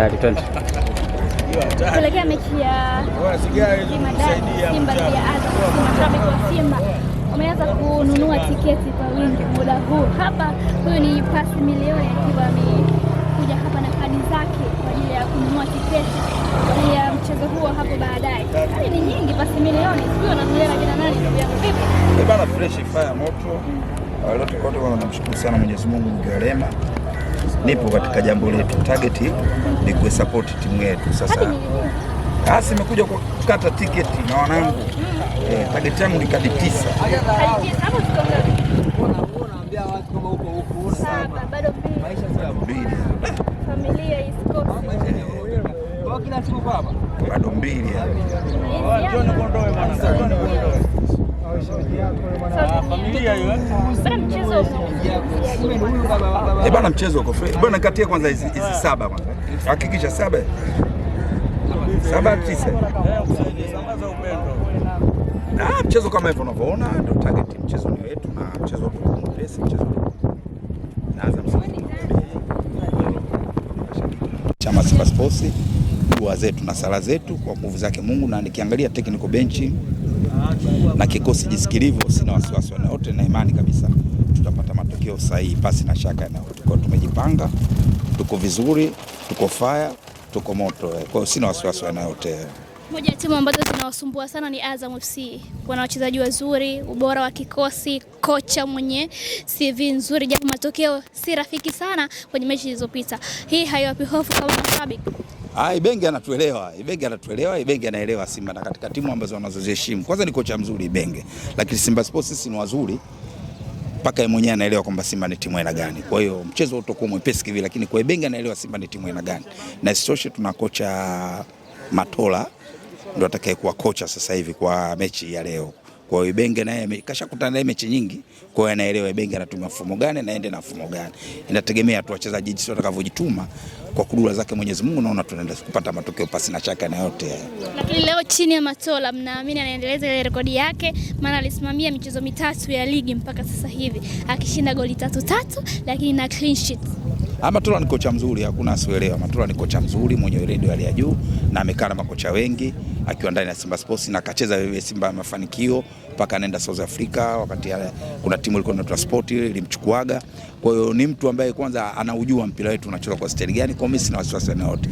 hatari, twende kuelekea mechi ya Simba ya Azam. Wa Simba wameanza kununua tiketi kwa wingi muda huu hapa. Huyu ni pasi milioni akiwa amekuja hapa na kadi zake kwa ajili ya kununua tiketi ya mchezo huo hapo baadaye. Kadi ni nyingi, pasi milioni sio nanulia na kina nani bana, fresh fire moto. Wote kwa wote wanamshukuru sana Mwenyezi Mungu mgarema nipo katika jambo letu, target ni kuisupport timu yetu. Sasa basi ah, imekuja kukata tiketi na wanangu mm. eh, target yangu ni kadi tisa bado mbili Ah, eh bana, mchezo uko fair bana, katia kwanza hizi ah. saba kwanza, hakikisha saba saba tisa eh, na mchezo kama hivyo unavyoona, ndio target. Mchezo ni wetu na mchezo wa pesa, mchezo naanza msimu chama Simba Sports, dua zetu na sala zetu kwa nguvu zake Mungu, na nikiangalia technical benchi na kikosi jisikilivu, sina wasiwasi wote na imani kabisa tutapata matokeo sahihi pasi na shaka. Na tuko tumejipanga, tuko vizuri, tuko faya, tuko moto. Kwa hiyo sina wasiwasi wote. Moja ya timu ambazo zinawasumbua sana ni Azam FC. Wana wachezaji wazuri, ubora wa kikosi, kocha mwenye CV nzuri, japo matokeo si rafiki sana kwenye mechi zilizopita. Hii haiwapi hofu kama mashabiki? Ah, Ibenge anatuelewa. Ibenge anatuelewa, Ibenge anaelewa Simba na katika timu ambazo wanazoziheshimu. Kwanza ni kocha mzuri Ibenge. Lakini Simba Sports sisi ni wazuri. Paka yeye mwenyewe anaelewa kwamba Simba ni timu aina gani. Kwa hiyo mchezo utakuwa mwepesi kivi, lakini kwa Ibenge anaelewa Simba ni timu aina gani. Na isitoshe tuna kocha Matola ndo atakayekuwa kocha sasa hivi kwa mechi ya leo. Kwa hiyo Ibenge naye kashakutana naye mechi nyingi, kwa hiyo anaelewa Ibenge anatumia mfumo gani na ende na mfumo gani. Inategemea tu wachezaji jinsi watakavyojituma kwa kudura zake Mwenyezi Mungu, naona tunaenda kupata matokeo pasi na shaka na yote. Lakini leo chini ya Matola, mnaamini anaendeleza ile rekodi yake? Maana alisimamia michezo mitatu ya ligi mpaka sasa hivi akishinda goli tatu tatu, lakini na clean sheet Manula ni kocha mzuri, hakuna asielewa. Manula ni kocha mzuri mwenye weledi wa hali ya juu na amekaa na makocha wengi akiwa ndani ya Simba Sports na akacheza vile Simba ya mafanikio mpaka anaenda South Africa, wakati ya, kuna timu ilikuwa inaitwa Sport ilimchukuaga. Kwa hiyo ni mtu ambaye kwanza anaujua mpira wetu unacheza kwa staili gani. Kwa mimi sina wasiwasi na wote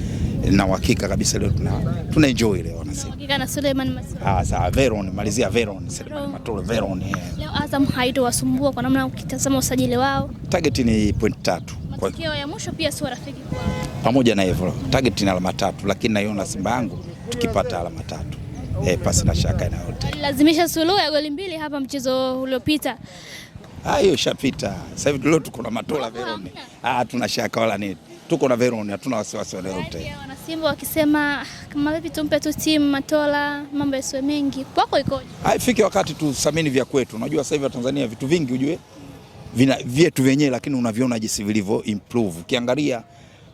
na uhakika kabisa leo tuna tuna enjoy leo sisi. Hakika na Suleiman Masudi. Ah, sawa Veron, malizia Veron, Suleiman Matolo Veron. Leo Azam haitowasumbua kwa namna ukitazama usajili wao. Target ni point tatu matokeo ya mwisho pia sio rafiki kwa Pamoja na hivyo, target ni alama tatu, lakini naiona Simba yangu tukipata alama tatu eh, pasi na shaka inayote. Lazimisha suluhu ya goli mbili hapa mchezo uliopita. Ah, hiyo ishapita. Sasa hivi leo tuko na Matola Veroni, Ah, tuna shaka wala nini. Tuko na Veroni, hatuna wasiwasi wala yote. Wana Simba wakisema kama vipi tumpe tu timu Matola, mambo yasiwe mengi. Kwako ikoje? Haifiki ah, wakati tuthamini vya kwetu. Unajua sasa hivi Tanzania vitu vingi ujue vina vyetu vyenyewe, lakini unaviona jinsi vilivyo improve. Ukiangalia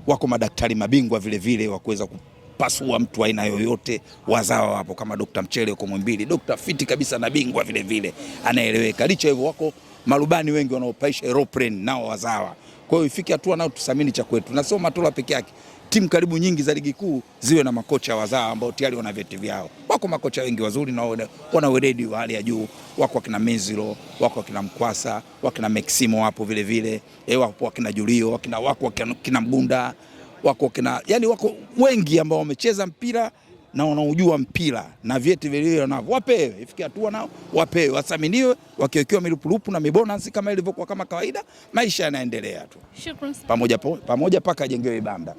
wako madaktari mabingwa vile vile wa kuweza kupasua mtu aina yoyote, wazawa wapo kama Dr. Mchele uko Mwimbili, Dr. fiti kabisa na bingwa vile vile anaeleweka. Licha hivyo wako marubani wengi wanaopaisha aeroplane nao wazawa. Kwa hiyo ifike hatua nao tusamini cha kwetu na sio Matola peke yake timu karibu nyingi za ligi kuu ziwe na makocha wazaa ambao tayari wana vyeti vyao. Wako makocha wengi wazuri na wana weledi wa hali ya juu, wako wakina Mezilo, wako wakina Mkwasa, wakina Maximo hapo vile vile, eh, wapo wakina Julio, wakina wako wakina Mgunda, wako wakina yani wako wengi ambao wamecheza mpira na wanaojua mpira na vyeti vilivyo wanavyo, wapewe ifike hatua nao wapewe, wathaminiwe, wakiwekewa mirupurupu na mibonasi kama ilivyokuwa kama kawaida, maisha yanaendelea tu Shukrani pamoja pamoja, paka ajengewe banda